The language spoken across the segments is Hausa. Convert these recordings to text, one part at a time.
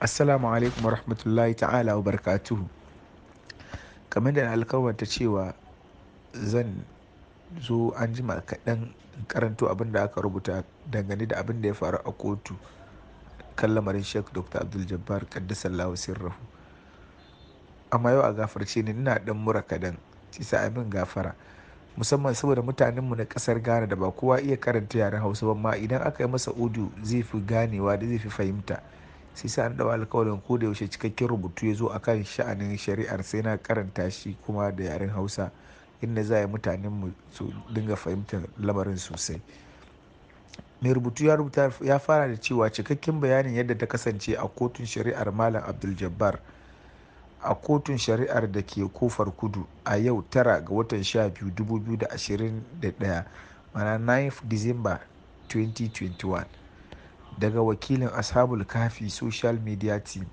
Assalamu alaikum warahmatullahi ta'ala wa barakatuhu. Kamar da alkawarta cewa zan zo an jima kaɗan karanto abin da aka rubuta dangane da abin da ya faru a kotu kan lamarin Sheikh Dr. Abdul Jabbar Qaddasallahu sirrahu. Amma yau a gafarce ni ina ɗan mura kaɗan, ci sa abin gafara. Musamman saboda mutanenmu na ƙasar Ghana da ba kowa iya karanta yaren Hausa ba ma idan aka yi masa udu zai fi ganewa da zai fi fahimta. sai sa an daba alkawalin ko da yaushe cikakken rubutu ya zo akan sha'anin shari'ar sai na karanta shi kuma da yaren hausa inda za a yi mutanen mu su dinga fahimtar lamarin sosai mai rubutu ya rubuta ya fara da cewa cikakken bayanin yadda ta kasance a kotun shari'ar malam abdul jabbar a kotun shari'ar da ke kofar kudu a yau tara ga watan 12 2021 mana 9 disamba 2021 daga wakilin Ashabul kafi Social Media Team.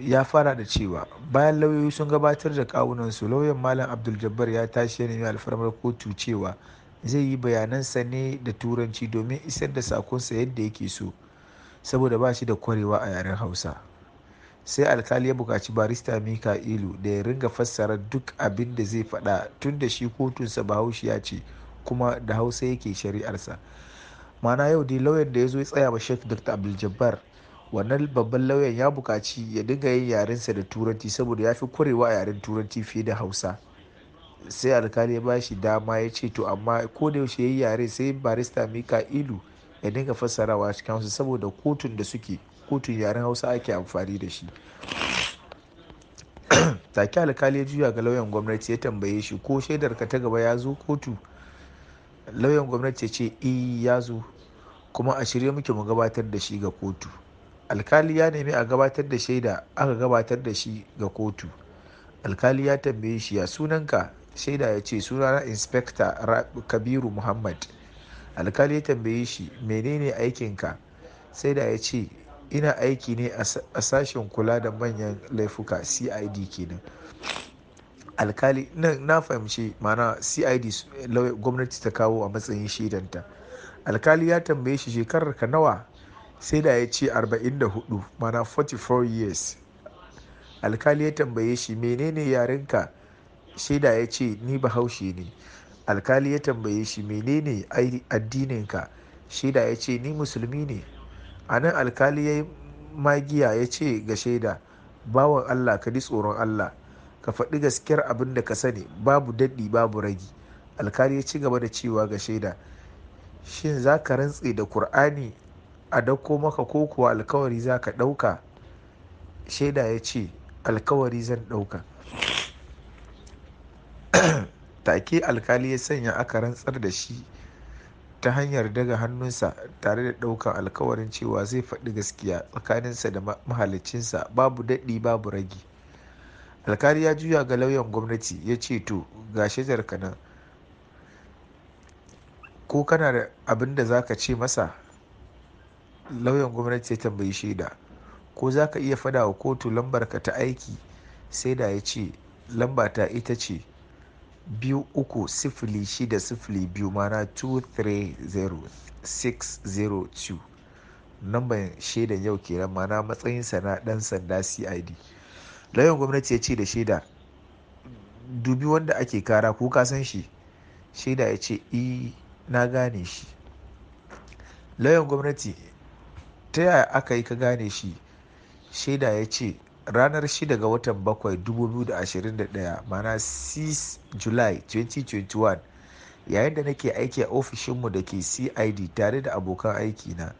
ya fara da cewa bayan lauyoyi sun gabatar da kawunansu lauyan malam abdul-jabbar ya tashi ya alfarmar kotu cewa zai yi bayanansa ne da turanci domin isar da sakon sa yadda yake so saboda ba shi da kwarewa a yaren hausa sai alkali ya bukaci barista mika ilu da ya ringa fassara duk abin da zai faɗa tun da shi kotunsa bahaushiya ce kuma da hausa yake shari'arsa mana yau dai lauyan da ya zo ya tsaya ma Sheikh Dr. Abdul Jabbar wannan babban lauyan ya bukaci ya dinga yin yarensa da turanci saboda ya fi kurewa a yaren turanci fiye da hausa sai alkali ya bashi dama ya ce to amma ko da yaushe yayi yare sai barista mika ilu ya dinga fassarawa cikin hausa saboda kotun da suke kotun yaren hausa ake amfani da shi take alkali ya juya ga lauyan gwamnati ya tambaye shi ko shaidar ka ta gaba ya zo kotu lauyan gwamnati ya ce i eh, ya zo kuma a shirye muke mu gabatar da shi ga kotu alkali ya nemi a gabatar da shaida aka gabatar da shi ga kotu alkali ya tambaye shi ya sunanka shaida ya ce na inspector kabiru muhammad alkali ya tambaye shi menene aikinka sai da ya ce ina aiki ne a sashen kula da manyan laifuka cid kenan alkali na fahimci mana cid gwamnati ta kawo a matsayin shaidanta alkali ya tambaye shi shekarar ka nawa sai da ya ce 44 mana 44 years alkali ya tambaye shi menene yarenka sai da ya ce ni bahaushe ne alkali ya tambaye shi menene addininka shaida ya ce ni musulmi ne a nan alkali ya magiya ya ce ga shaida bawan allah ka ji tsoron allah ka faɗi gaskiyar abin da ka sani babu daɗi babu ragi alkali ya ci gaba da cewa ga shaida Shin za ka rantse da kur'ani a dauko maka ko kuwa alkawari za ka ɗauka? Shaida ya ce, Alkawari zan ɗauka. Take alkali ya sanya aka rantsar da shi ta hanyar daga hannunsa tare da ɗaukan alkawarin cewa zai faɗi gaskiya tsakaninsa da mahalicinsa babu daɗi babu ragi. Alkali ya juya ga lauyan gwamnati ya ce to ga shaidarka nan ko kana da abin da za ka ce masa lauyan gwamnati ya tambayi shaida ko za ka iya fada wa kotu ka ta aiki sai da ya ce lambata ita ce biyu uku sifili shida sifili biyu mana 230602 Lambar shaidan yau kenan mana matsayinsa na dan sanda cid lauyan gwamnati ya ce da shaida dubi wanda ake kara ko ka san shi shaida ya ce E. na gane shi lauyan gwamnati ta yaya aka yi ka gane shi shaida ya ce ranar 6 ga watan 7,2021 mana 6 july 2021 yayin da nake aiki a ofishinmu da ke cid tare da abokan aiki na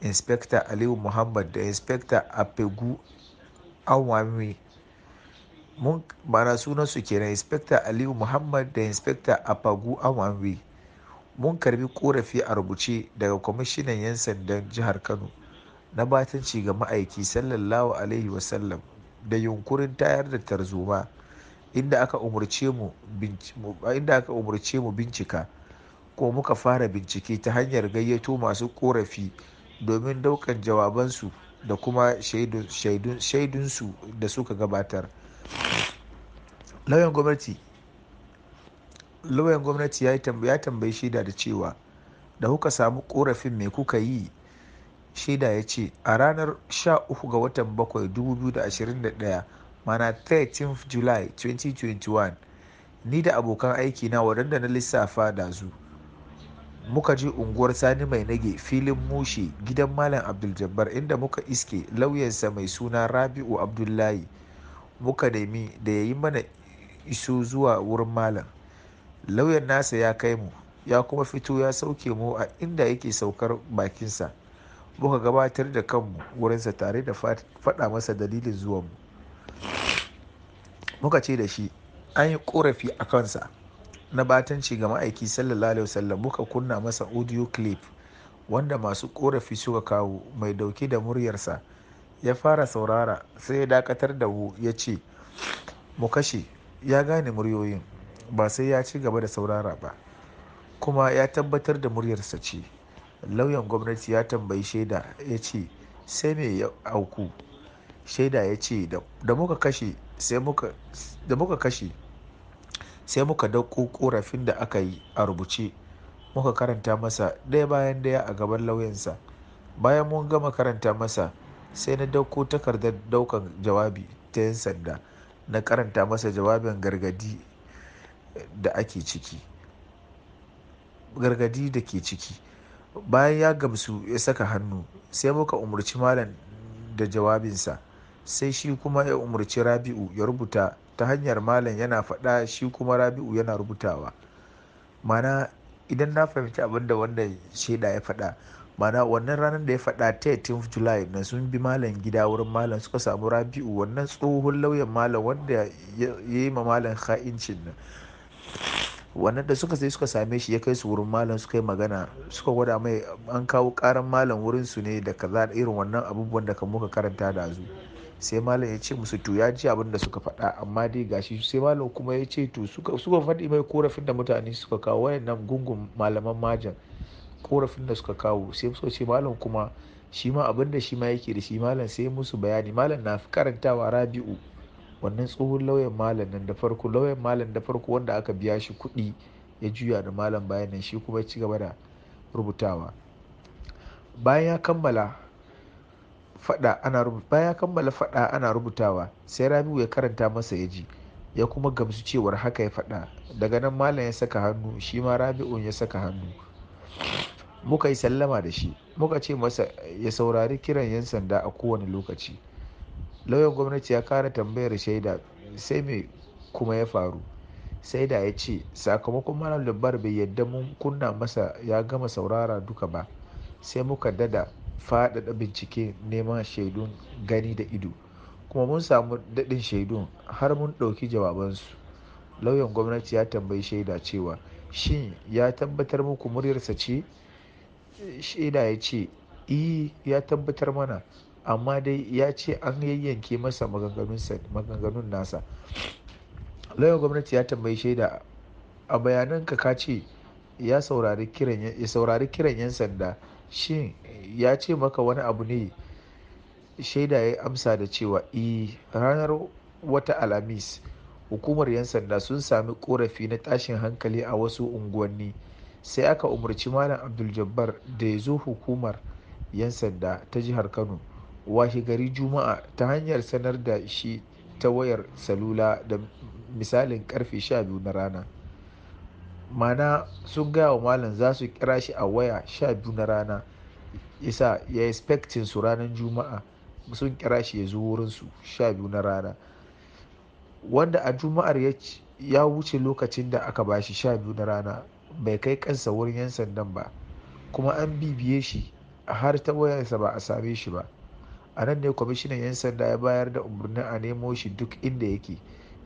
inspector aliyu muhammad da inspector apegu anwami mun mana sunansu kenan inspector aliyu muhammad da inspector apagu anwami mun karbi korafi a rubuce daga kwamishinan 'yan sandan jihar kano na batanci ga ma'aiki sallallahu alaihi wasallam da yunkurin tayar da tarzoma inda aka umarce mu bincika ko muka fara bincike ta hanyar gayyato masu korafi domin daukan jawabansu da kuma shaidunsu da suka gabatar lauyan gwamnati lauyan gwamnati ya tambayi shaida da cewa da kuka samu korafin mai kuka yi shaida ya ce a ranar 13 ga watan 7 2021 mana 13 july 2021 ni da abokan aiki na waɗanda na lissafa da zu muka je unguwar sani mai nage filin mushe gidan malam abdul jabbar inda muka iske lauyansa mai suna rabi'u abdullahi muka nemi da ya yi mana iso zuwa wurin malam lauyan nasa ya kai mu ya kuma fito ya sauke mu a inda yake saukar bakinsa muka gabatar da kanmu wurinsa tare da faɗa masa dalilin zuwanmu muka ce da shi an yi ƙorafi a kansa na batanci ga ma'aiki sallallahu alaihi wasallam muka kunna masa audio clip wanda masu korafi suka kawo mai dauke da muryarsa ya fara saurara sai ya dakatar da mu ya ce mu kashe ya gane muryoyin ba sai ya ci gaba da saurara ba kuma ya tabbatar da muryarsa ce lauyan gwamnati ya tambayi shaida ya ce sai me ya auku shaida ya ce da muka kashe sai muka da muka dauko korafin da aka yi a rubuce muka karanta masa ɗaya bayan ɗaya a gaban lauyansa bayan mun gama karanta masa sai na dauko takardar daukan jawabi ta 'yan sanda na karanta masa jawabin gargadi da ake ciki gargadi da ke ciki bayan ya gamsu ya saka hannu sai muka umarci malam da jawabinsa sai shi kuma ya umarci rabi'u ya rubuta ta hanyar malam yana faɗa shi kuma rabi'u yana rubutawa mana idan na fahimci abin da wannan shaida ya faɗa mana wannan ranar da ya faɗa 13 july na sun bi malam gida wurin malam suka samu rabi'u wannan tsohon lauyan malam wanda ya yi ma malam ha'incin nan wannan da suka sai suka same shi ya kai su wurin malam suka yi magana suka gwada mai an kawo karan malam wurin su ne da kaza irin wannan abubuwan da kan muka karanta da su sai malam ya ce musu to ya ji abin da suka faɗa amma dai gashi sai malam kuma ya ce to suka suka faɗi mai korafin da mutane suka kawo wayannan gungun malaman majan korafin da suka kawo sai suka ce malam kuma shi abin da shi ma yake da shi malam sai musu bayani malam na karantawa rabi'u wannan tsohon lauyan malam nan da farko lauyan malam da farko wanda aka biya shi kuɗi ya juya da malam bayan nan shi kuma ci gaba da rubutawa bayan ya kammala fada ana bayan ya kammala fada ana rubutawa sai rabiu ya karanta masa ya ji ya kuma gamsu cewar haka ya fada daga nan malam ya saka hannu shi ma rabi'u ya saka hannu muka yi sallama da shi muka ce masa ya saurari kiran yan sanda a kowane lokaci lauyan gwamnati ya kara tambayar shaida sai mai kuma ya faru shaida ya ce sakamakon malam labar bai yadda mun kunna masa ya gama saurara duka ba sai muka dada faɗaɗa bincike neman shaidun gani da ido kuma mun samu daɗin shaidun har mun ɗauki jawabansu lauyan gwamnati ya tambayi shaida cewa shin ya tabbatar muku muryarsa ce shaida ya ce iya eh, ya tabbatar mana amma dai ya ce an yayyanke masa maganganun nasa lauyan gwamnati ya tambayi shaida a bayananka ka ce ya saurari kiran 'yan sanda shi ya ce maka wani abu ne shaida ya amsa da cewa e ranar wata alamis hukumar 'yan sanda sun sami korafi na tashin hankali a wasu unguwanni sai aka umarci malam abdul jabbar da ya zo hukumar 'yan sanda ta jihar kano washe gari juma'a ta hanyar sanar da shi ta wayar salula da misalin karfe 12 na rana mana sun gaya wa malam za su kira shi a waya 12 na rana isa ya expectin su ranar juma'a sun kira shi ya zo wurinsu 12 na rana wanda a juma'ar ya wuce lokacin da aka bashi 12 na rana bai kai kansa wurin 'yan sandan ba kuma an bibiye shi har ta wayarsa ba a same shi ba a nan ne kwamishinan 'yan sanda ya bayar da umarnin a nemo shi duk inda yake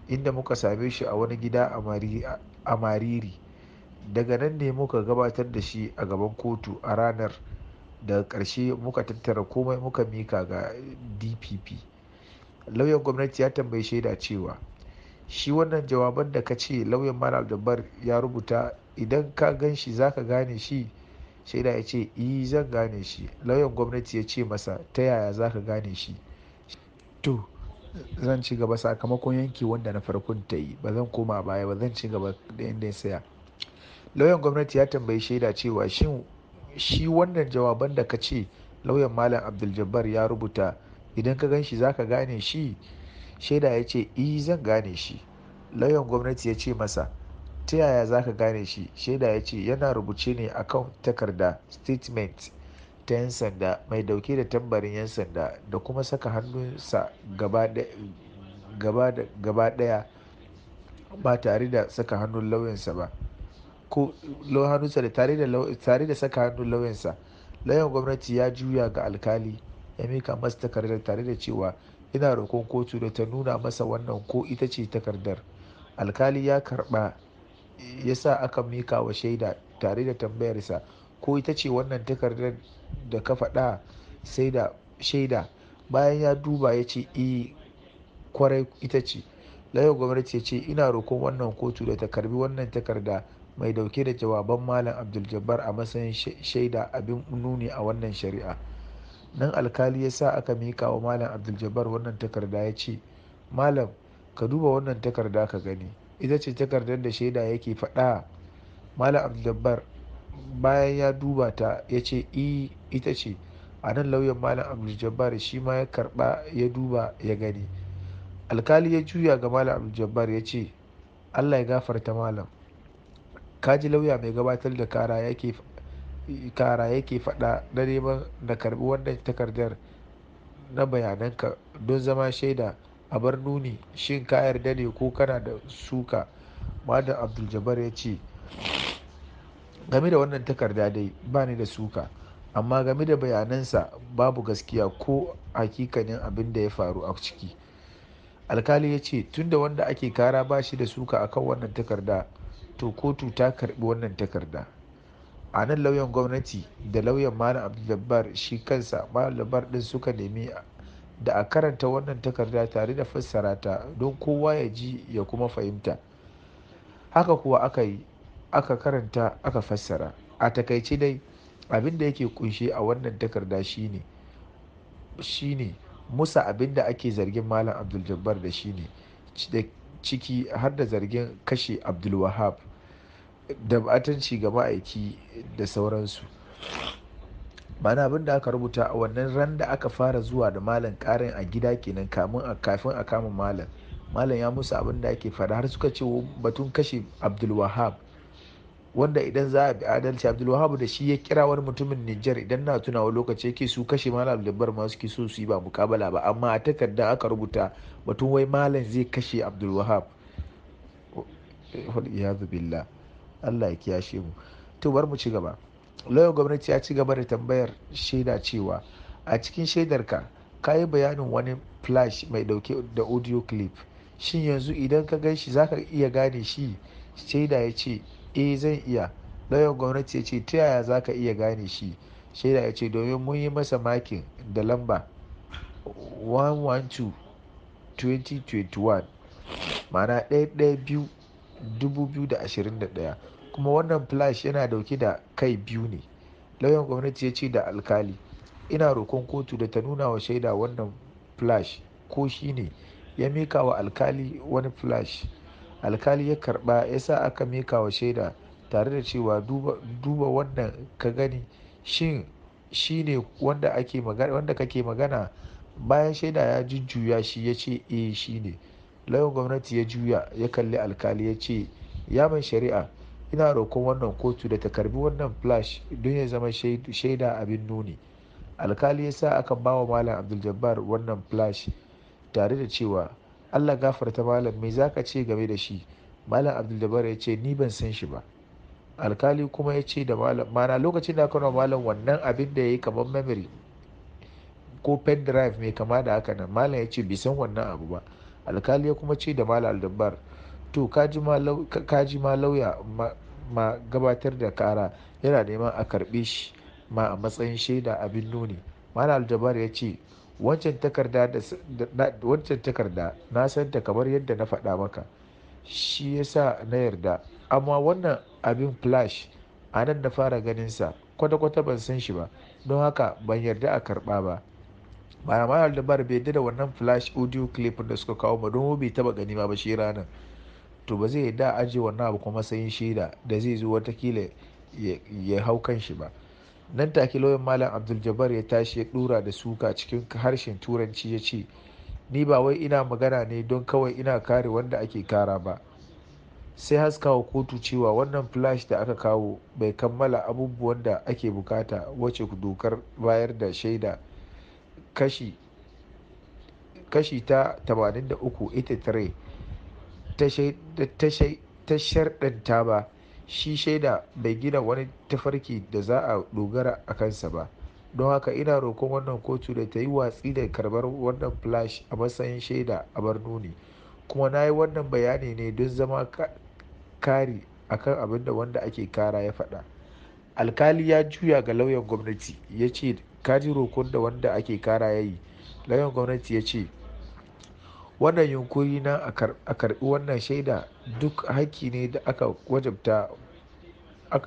inda muka same shi a wani gida a mariri daga nan ne muka gabatar da shi a gaban kotu a ranar da ƙarshe muka tattara komai muka mika ga dpp lauyan gwamnati ya tambaye shaida cewa shi wannan jawaban da ka ce lauyan mara ya rubuta idan ka gan shi za ka gane shi Shaida ya ce, yi e, zan gane shi." Lauyan gwamnati ya ce masa, "Ta yaya za ka gane shi?" "To, zan ci gaba sakamakon yanki wanda na farkon ta yi. Ba zan koma baya ba, zan ci gaba da inda ya saya. Lauyan gwamnati ya tambayi shaida cewa, "Shin shi wannan jawaban da ka ce lauyan Malam abdul ya rubuta, idan ka gan shi za ka gane shi?" Shaida ya ce, yi e, zan gane shi." Lauyan gwamnati ya ce masa, ta yaya za ka gane shi shaida ya ce yana rubuce ne a kan takarda statement ta 'yan sanda mai dauke da tambarin 'yan sanda da kuma saka hannunsa gaba daya ba tare da saka hannun lauyansa ba ko hannunsa da tare da saka hannun lauyansa lauyan gwamnati ya juya ga alkali ya mika masa takardar tare da cewa ina roƙon kotu da ta nuna masa wannan ko ita ce takardar alkali ya karba. ya sa aka mika wa shaida tare da tambayarsa ko ita ce wannan takardar da ka faɗa sai da shaida bayan ya duba ya ce e kwarai ita ce layar gwamnati ya ce ina roƙon wannan kotu da ta karbi wannan takarda mai dauke da jawaban malam abdul a matsayin shaida abin nuni a wannan shari'a nan alkali ya sa aka mika wa malam abdul jabbar wannan takarda ya ce malam ka duba wannan takarda ka gani ita ce takardar da shaida yake faɗa malam abdulbar bayan ya duba ta ya ce i e, ita ce a nan lauyan malam abdul shi ma ya karba ya duba ya gani alkali ya juya ga malam abdul ya ce allah ya gafarta malam kaji lauya mai gabatar da kara yake kara faɗa na neman na karbi wannan takardar na bayananka don zama shaida a bar nuni shin ka yarda ne ko kana da suka malam abdul jabbar ya ce game da wannan takarda dai ba ni da suka amma game da bayanansa babu gaskiya ko hakikanin abin da ya faru a ciki alkali ya ce tunda wanda ake kara ba shi da suka a kan wannan takarda to kotu ta karbi wannan takarda a nan lauyan gwamnati da lauyan malam abdul jabbar shi kansa malam din suka nemi da a karanta wannan takarda tare da fassara ta don kowa ya ji ya kuma fahimta haka kuwa aka yi aka karanta aka fassara a takaice dai abin da yake kunshe a wannan takarda shine shine musa abin da ake zargin malam abdul jabbar da shine ciki har da zargin kashe abdul wahab da batanci ga ma'aiki da sauransu ma'ana abin da aka rubuta a wannan ran da aka fara zuwa da malam karin a gida kenan kamun a kafin a kama malam malam ya musu abin da ake fara har suka ce batun kashe abdulwahab wanda idan za a bi adalci abdulwahab da shi ya kira wani mutumin niger idan na tunawa lokaci yake su kashe malam abdulbar ma suke so su yi ba mukabala ba amma a takarda aka rubuta batun wai malam zai kashe abdulwahab ya billah allah ya kiyashe mu to bar mu ci gaba lauyan gwamnati ya ci gaba da tambayar shaida cewa a cikin shaidarka ka yi bayanin wani flash mai dauke da audio clip shin yanzu idan ka gan shi za ka iya gane shi shaida ya ce eh zan iya lauyan gwamnati ya ce ta yaya za ka iya gane shi shaida ya ce domin mun yi masa makin da lamba 112-2021 ma'ana 112-2021 kuma wannan flash yana dauke da kai biyu ne lauyan gwamnati ya ce da alkali ina roƙon kotu da ta nuna wa shaida wannan flash ko shi ne ya mika wa alkali wani flash alkali ya karba ya sa aka mika wa shaida tare da cewa duba wannan ka gani shi ne wanda kake magana bayan shaida ya jujjuya shi ya ce eh shi ne lauyan gwamnati ya juya ya kalli alkali ya ce ya mai shari'a ina roƙon wannan kotu da ta karbi wannan flash don ya zama shaida abin nuni alkali ya sa aka wa malam abdul jabbar wannan flash tare da cewa allah gafarta malam me zaka ce game da shi malam abdul jabbar ya ce ni ban san shi ba alkali kuma ya ce da malam mana lokacin da aka malam wannan abin da ya yi kamar memory ko pen drive mai kama da haka nan malam ya ce bai san wannan abu ba alkali ya kuma ce da malam aldabar to kaji ma lauya ma gabatar da kara yana neman a karɓe shi ma a matsayin shaida abin nuni. Malam aljabar ya ce, wancan takarda na san ta kamar yadda na faɗa maka, shi ya sa na yarda, amma wannan abin flash a nan na fara ganinsa, kwata-kwata ban san shi ba, don haka ban yarda a karɓa ba." Malam al bai dada da wannan flash audio clip da suka kawo ba don bai taba gani ma ba shi ranar. to ba zai da aji wannan abu kuma matsayin shaida da zai zo watakila ya hau kan shi ba nan take lauyan malam abdul jabbar ya tashi ya dura da suka cikin harshen turanci ya ce ni ba wai ina magana ne don kawai ina kare wanda ake kara ba sai haskawa kotu cewa wannan flash da aka kawo bai kammala abubuwan da ake bukata wace dokar bayar da shaida kashi ta 83 ta sharɗanta ba, shi shaida bai gina wani tafarki da za a dogara a kansa ba, don haka ina roƙon wannan kotu da ta yi watsi da karbar wannan flash a matsayin shaida a nuni, kuma na yi wannan bayani ne don zama kari akan kan abin da wanda ake kara ya faɗa. Alkali ya juya ga lauyan gwamnati ya ce, ka ji roƙon da wanda ake kara ya yi? Lauyan gwamnati ya ce. wannan yunkuri na a karbi wannan shaida duk haƙƙi ne da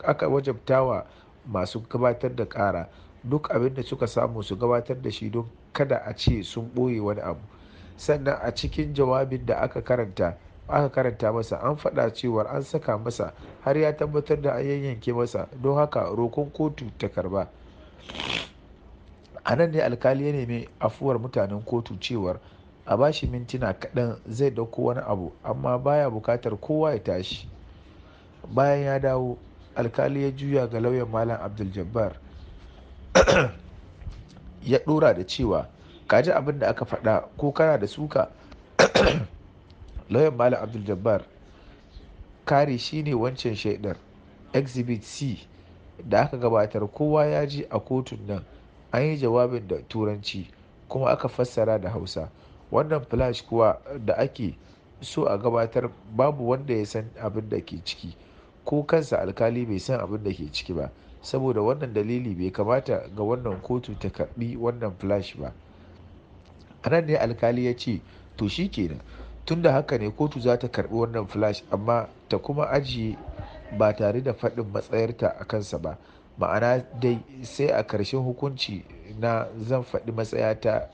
aka wajabta wa masu gabatar da ƙara duk abin da suka samu su gabatar da shi don kada a ce sun ɓoye wani abu sannan a cikin jawabin da aka karanta aka karanta masa an faɗa cewar an saka masa har ya tabbatar da an yanyanke masa don haka rokon kotu ta karba a nan ne alkali ya nemi afuwar mutanen kotu cewar a ba shi mintuna kaɗan zai ɗauko wani abu amma baya bukatar kowa ya tashi bayan ya dawo alkali ya juya ga lauyan malam abdul jabbar ya ɗora da cewa kaji abin da aka faɗa ko kana da suka lauyan malam abdul jabbar kari shine wancan shaidar exhibit c da aka gabatar kowa ya ji a kotun nan an yi jawabin da turanci kuma aka fassara da hausa wannan flash kuwa da ake so a gabatar babu wanda ya san abin da ke ciki ko kansa alkali bai san abin da ke ciki ba saboda wannan dalili bai kamata ga wannan kotu ta karbi wannan flash ba a nan ne alkali ya ce to shi kenan da haka ne kotu za ta karbi wannan flash amma ta kuma ajiye ba tare da faɗin matsayarta a kansa ba ma'ana dai sai a ƙarshen hukunci na zan faɗi matsayata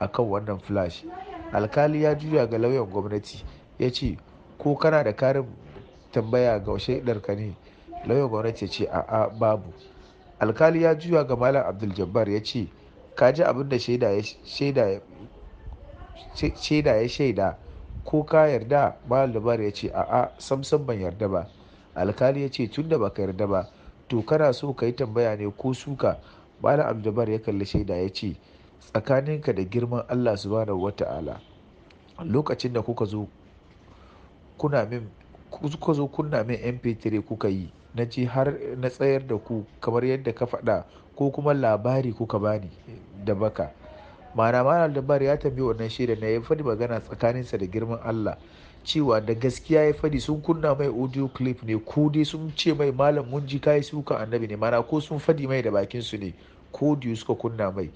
a kan wannan flash alkali ya juya ga lauyan gwamnati ya ce ko kana da karin tambaya ga shaidarka ne lauyan gwamnati ya ce a'a babu alkali ya juya ga malam abdul jabbar ya ce ka ji abin da shaida ya shaida ko ka yarda malam dabar ya ce a'a samsam ban yarda ba alkali ya ce tun da baka yarda ba to kana so ka yi tambaya ne ko suka malam abdul jabbar ya kalli shaida ya ce tsakaninka da girman Allah subhanahu wata'ala lokacin da kuka zo kuna min kuka zo kunna min mp3 kuka yi na ji har na tsayar da ku kamar yadda ka faɗa ko kuma labari kuka bani da baka mana mana labari ya tambayi wannan shaida na ya faɗi magana tsakaninsa da girman Allah cewa da gaskiya ya faɗi sun kunna mai audio clip ne ko dai sun ce mai malam mun ji kai suka annabi ne mana ko sun faɗi mai da bakin su ne ko diyu suka kunna mai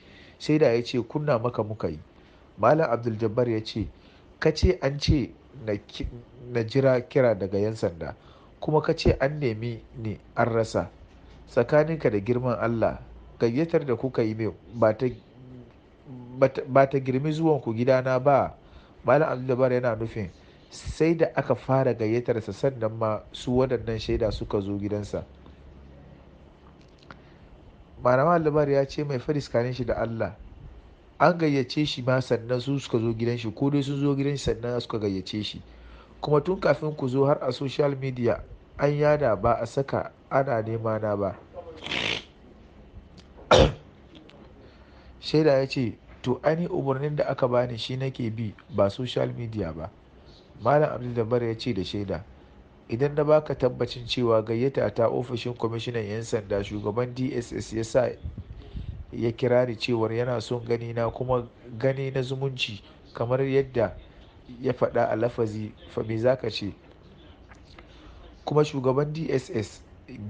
shaida ya ce kunna maka muka yi malam abdul jabbar ya ce ka ce an ce na jira kira daga yan sanda kuma ka ce an nemi ni an rasa tsakaninka da girman allah gayyatar da kuka yi min ba ta girmi zuwanku gidana ba malam abdul jabbar yana nufin sai da aka fara gayyatarsa sannan ma su waɗannan shaida suka zo gidansa malama albar ya ce mai fari shi da Allah an gayyace shi ma sannan su suka zo gidan shi ko dai sun zo gidan shi sannan suka gayyace shi kuma tun kafin ku zo har a social media an yada ba a saka ana nema na ba shaida ya ce to ani umarnin da aka bani shi nake bi ba social media ba malam abdul ya ce da shaida Idan na ba ka tabbacin cewa gayyata ta ofishin kwamishinan 'yan sanda, shugaban DSS ya sa ya kira ni cewar yana son ganina kuma gani na zumunci kamar yadda ya faɗa a lafazi, fa me za ka ce? Kuma shugaban DSS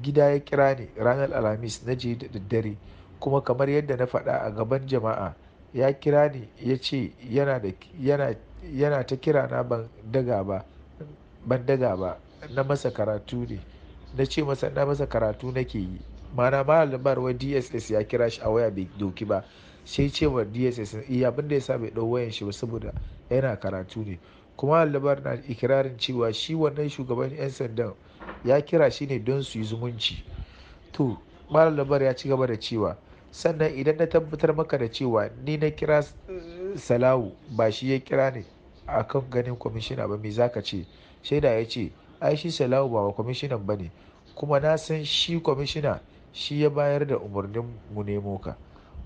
gida ya kira ni ranar Alhamis na je da daddare kuma kamar yadda na faɗa a gaban jama'a, ya kira ni ya ce yana ta kirana ban daga ba. na masa karatu ne na ce masa na masa karatu nake yi mana malam barwa dss ya kira shi a waya bai doki ba sai ce wa dss iya eh, abinda ya sa bai dau wayan shi ba saboda yana karatu ne kuma labar na ikirarin cewa shi wannan shugaban 'yan sandan ya kira shi ne don su yi zumunci to malam ya ci gaba da cewa sannan idan na tabbatar maka da cewa ni na kira salawu ba shi ya kira ne akan ganin kwamishina ba me zaka ce shaida ya ce ai shi salawu ba kwamishinan ba ne kuma na san shi kwamishina shi ya bayar da umarnin mu nemo ka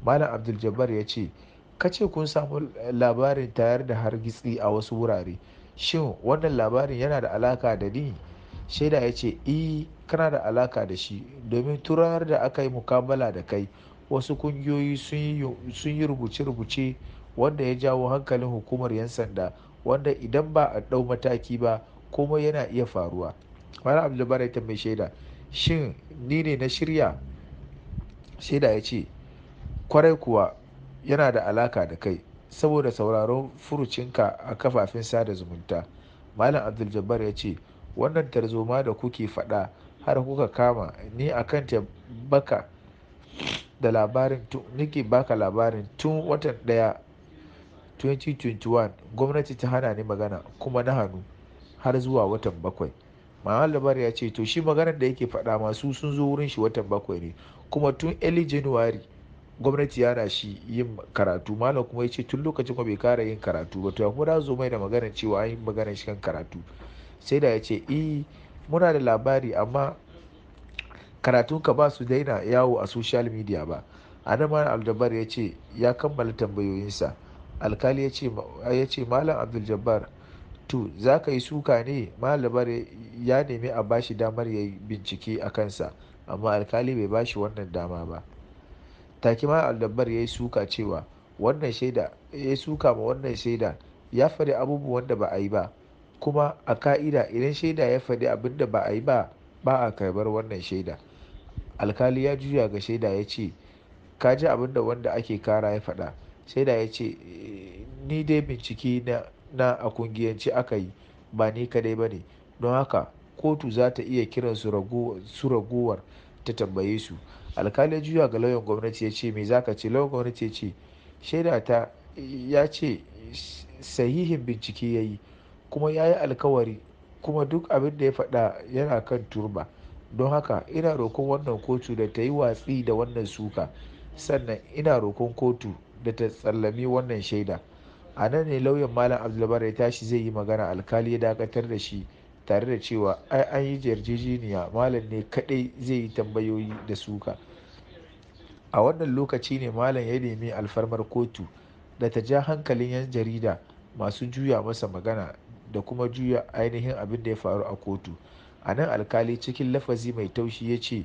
malam abdul jabbar ya ce kace kun samu labarin tayar da hargitsi a wasu wurare shin wannan labarin yana da alaka da ni shaida ya ce i e, kana da alaka da shi domin turar da aka yi mukamala da kai wasu kungiyoyi sun yi rubuce-rubuce wanda ya jawo hankalin hukumar 'yan sanda wanda idan ba a ɗau mataki ba komai yana iya faruwa malam abdulbar ita mai shaida shin ni ne na shirya shaida ya ce kwarai kuwa yana da alaka da kai saboda sauraron furucinka a kafafen sada zumunta malam abdul jabbar ya ce wannan tarzoma da kuke faɗa har kuka kama ni a kan baka da labarin tun. nake baka labarin tun watan ɗaya 2021 gwamnati ta hana ni magana kuma na hannu har zuwa watan bakwai mahal da ya ce to shi maganar da yake faɗa masu sun zo wurin shi watan bakwai ne kuma tun early January gwamnati yana shi yin karatu malam kuma ya ce tun lokacin kuma bai kara yin karatu ba to ya kuma zo mai da maganar cewa an yi maganar shi kan karatu sai da ya ce eh muna da labari amma karatun ka ba su daina yawo a social media ba adaman aljabbar ya ce ya kammala tambayoyinsa alkali ya ce malam abdul jabbar To za ka yi suka ne? Malamar ya nemi a bashi damar ya yi bincike a kansa, amma alkali bai bashi wannan dama ba. Take ma al ya yi suka ma wannan shaida, ya faɗi abubuwan da ba a yi ba, kuma a ka'ida idan shaida ya faɗi abin da ba a yi ba, ba a karbar wannan shaida. Alkali ya juya ga shaida ya ce, Ka ji abin da wanda ake kara ya faɗa? Shaida ya ce, Ni dai bincike na na a ƙungiyance aka yi, ba ni kadai ba ne, don haka kotu za ta iya kiran su ragowar ta tambaye su. Alkali juya ga lauyan gwamnati ya ce, “Me za ka ce?” Lauyan gwamnati ya ce, shaida ta ya ce sahihin bincike ya yi, kuma ya yi alkawari, kuma duk abin da ya faɗa yana kan turba, don haka ina rokon wannan kotu da ta yi watsi da wannan suka, sannan ina rokon kotu da ta tsallami wannan shaida.” a nan ne lauyan malam abdulbar ya tashi zai yi magana alkali ya dakatar da shi tare da cewa ai an yi yarjejeniya malam ne kadai zai yi tambayoyi da suka a wannan lokaci ne malam ya nemi alfarmar kotu da ta ja hankalin 'yan jarida masu juya masa magana da kuma juya ainihin abin da ya faru a kotu a nan alkali cikin lafazi mai taushi ya ce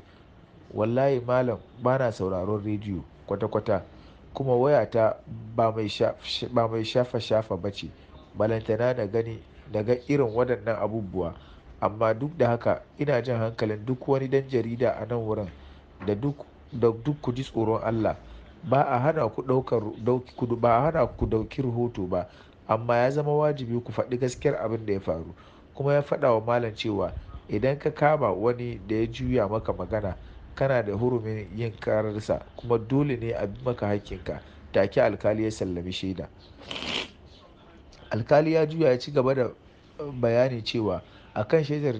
wallahi malam bana sauraron rediyo kwata-kwata kuma wayata ba mai shafa-shafa ba ce balantana na gani daga irin waɗannan abubuwa amma duk da haka ina jan hankalin duk wani dan jarida a nan wurin da duk ku ji tsoron Allah ba a hana ku ɗauki rahoto ba amma ya zama wajibi ku faɗi gaskiyar abin da ya faru kuma ya faɗa wa malam cewa idan ka kama wani da ya juya maka magana kana da hurumin yin kararsa kuma dole ne a bi maka hakkinka take alkali ya sallami shaida alkali ya juya ya ci gaba da uh, bayani cewa a kan shaidar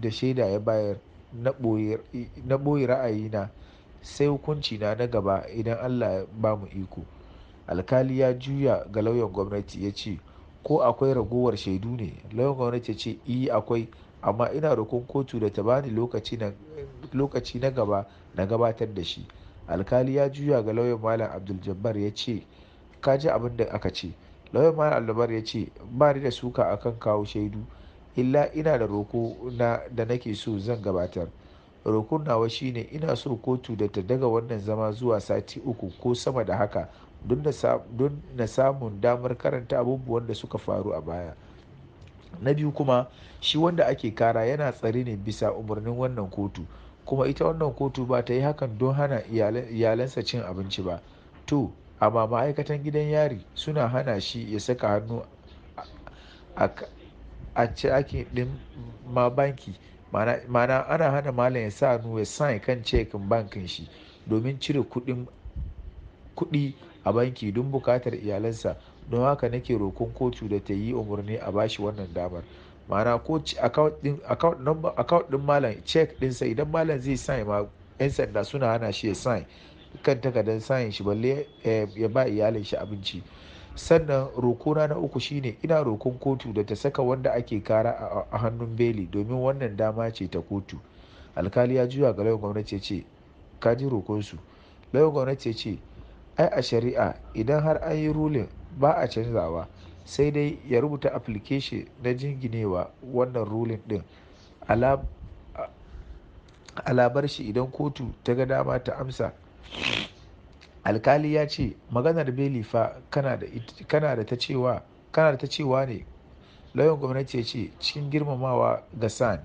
da shaida ya bayar na ɓoye ra'ayina sai hukunci na na gaba idan allah ya ba mu iko alkali ya juya ga lauyan gwamnati ya ce ko akwai ragowar shaidu ne lauyan gwamnati ya ce iya eh, akwai amma ina rokon kotu da ta bani lokaci na gaba na gabatar da shi alkali ya juya ga lauyan malam abdul jabbar ya ce ka ji abin da aka ce lauyan malam abdul ya ce ba ni da suka akan kawo shaidu illa ina da roko na da nake so zan gabatar rokon nawa shine ina so kotu da ta daga wannan zama zuwa sati uku ko sama da haka don na samun damar karanta abubuwan da suka faru a baya na biyu kuma shi wanda ake kara yana tsare ne bisa umarnin wannan kotu kuma ita wannan kotu ba ta yi hakan don hana iyalansa cin abinci ba to amma ma'aikatan gidan yari suna hana shi ya saka hannu a cikin din ma banki mana ana hana malam ya sa hannu ya sa kan cekin bankin shi domin cire kuɗi a banki don bukatar iyalansa don haka nake rokon kotu da ta yi umarni a bashi wannan damar ma'ana ko account din malam check dinsa idan malam zai sign ma 'yan sanda suna hana shi ya sign kan takardar sayin shi balle eh, ya ba iyalin shi abinci sannan rokona na uku shine ina rokon kotu da ta saka wanda ake kara a hannun beli domin wannan dama ce ta kotu alkali ya juya ga lauyan gwamnati ya ce ka ji rokon su lauyan gwamnati ce ai a shari'a idan har an yi rulin ba a canzawa sai dai ya rubuta application na jinginewa wannan rulin din a labar shi idan kotu ta ga dama ta amsa alkali ya ce maganar beli fa kana da ta cewa kana da ta cewa ne lauyan gwamnati ya ce cikin girmamawa ga san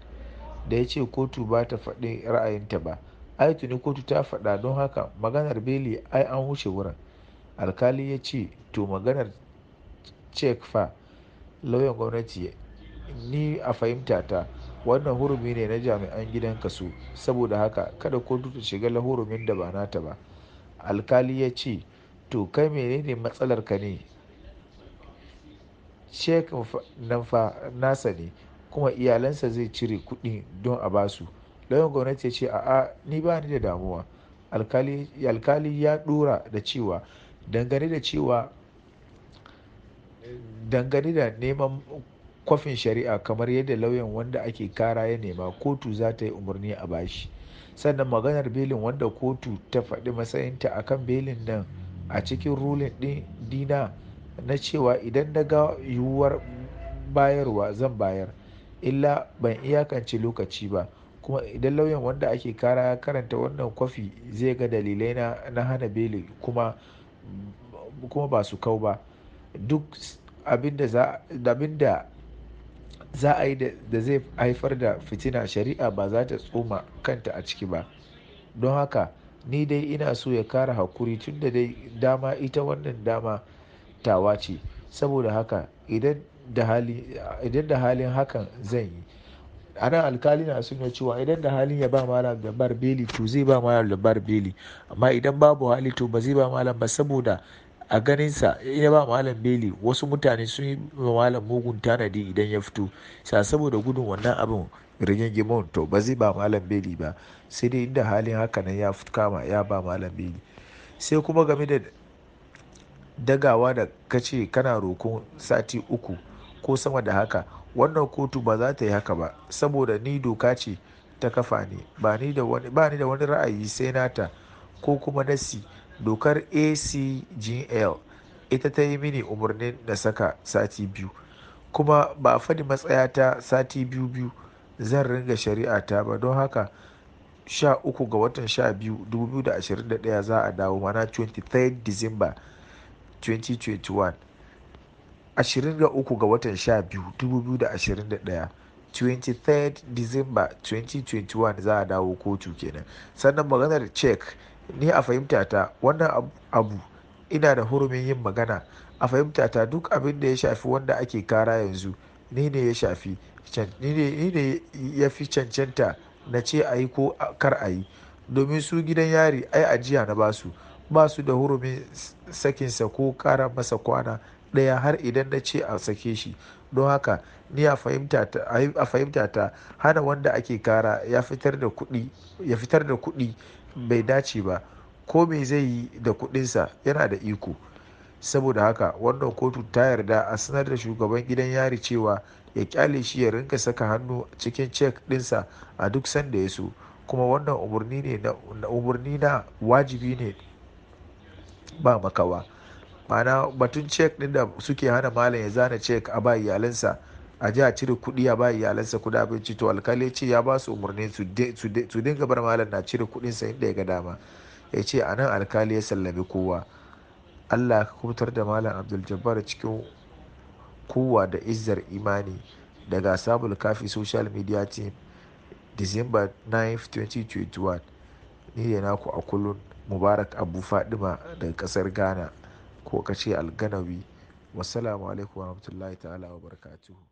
da ya ce kotu ba ta faɗi ra'ayinta ba ai tuni kotu ta faɗa don haka maganar beli ai an wuce wurin alkali ya ce to maganar check fa lauyan gwamnati ni a fahimta ta wannan hurumi ne na jami'an gidan kasu saboda haka kada kotu ta shiga lahurumin da ba nata ba alkali ya ce to kai menene matsalar ka ne check nan fa nasa ne kuma iyalansa zai cire kudi don a basu lauyan gwamnati ya ce a'a ni ba ni da damuwa alkali ya dora da cewa dangane da cewa dangane da neman kwafin shari'a kamar yadda lauyan wanda ake kara ya nema kotu za ta yi umarni a bashi sannan maganar belin wanda kotu ta faɗi matsayinta a kan belin nan a cikin rulin ɗin dina na cewa idan na ga yiwuwar bayarwa zan bayar illa ban iyakance lokaci ba kuma idan lauyan wanda ake kara ya karanta wannan kwafi zai ga dalilai na hana belin kuma kuma ba su kau ba duk abin da za a yi da zai haifar da fitina shari'a ba za ta tsoma kanta a ciki ba don haka ni dai ina so ya kara hakuri tun da dai dama ita wannan dama tawa ce saboda haka idan da halin hakan zan yi a nan alkali na sun cewa idan da halin ya ba malam jabbar beli to zai ba malam jabbar beli amma idan babu hali to ba zai ba malam ba saboda a ganin ganinsa ya ba malam beli wasu mutane sun yi ba malam mugun tanadi idan ya fito sa saboda gudun wannan abin gimon to ba zai ba malam beli ba sai dai inda halin haka nan ya kama ya ba malam beli sai kuma game da dagawa da kace kana roko sati uku ko sama da haka wannan kotu ba za ta yi haka ba saboda ni doka ce ta kafa ni ba ni da wani ra'ayi sai nata ko kuma nasi dokar acgl ita ta yi mini umarnin na saka sati biyu kuma ba a faɗi matsaya ta sati biyu biyu zan ringa shari'a ta ba don haka 13 ga watan 12 2021 za a dawo mana 23 disamba 2021 23 ga watan 12 2021 23 Disamba 2021 za a dawo kotu kenan sannan maganar cek ni a fahimta ta wannan abu ina da hurumin yin magana a fahimta ta duk abin da ya shafi wanda ake kara yanzu ni ne ya fi cancanta na ce a yi ko kar a yi domin su gidan yari ai ajiya na basu ba su da hurumin sakinsa ko kara masa kwana ɗaya har idan na ce a sake shi. Don haka, ni a fahimta ta hana wanda ake kara ya fitar da kuɗi bai dace ba. Ko me zai yi da kuɗinsa yana da iko. Saboda haka wannan kotu ta yarda a sanar da shugaban gidan yari cewa ya kyale shi ya rinka saka hannu cikin cek dinsa a duk sanda ya so. Kuma wannan umarni na wajibi ne ba makawa. ma'ana batun cek din da suke hana malam ya zana cek a ba iyalansa a ji a cire kuɗi a ba iyalansa kuɗi abinci to alkali ce ya ba su umarni su dinga bar malam na cire kuɗin sa inda ya ga dama ya ce a nan alkali ya sallami kowa allah ka kubutar da malam abdul jabbar cikin kowa da izzar imani daga sabul kafi social media team december 9 2021 ni da naku a kullum mubarak abu fadima daga kasar ghana ko ka ce alganawi wassalamu alaikum warahmatullahi ta'ala wa barakatuhu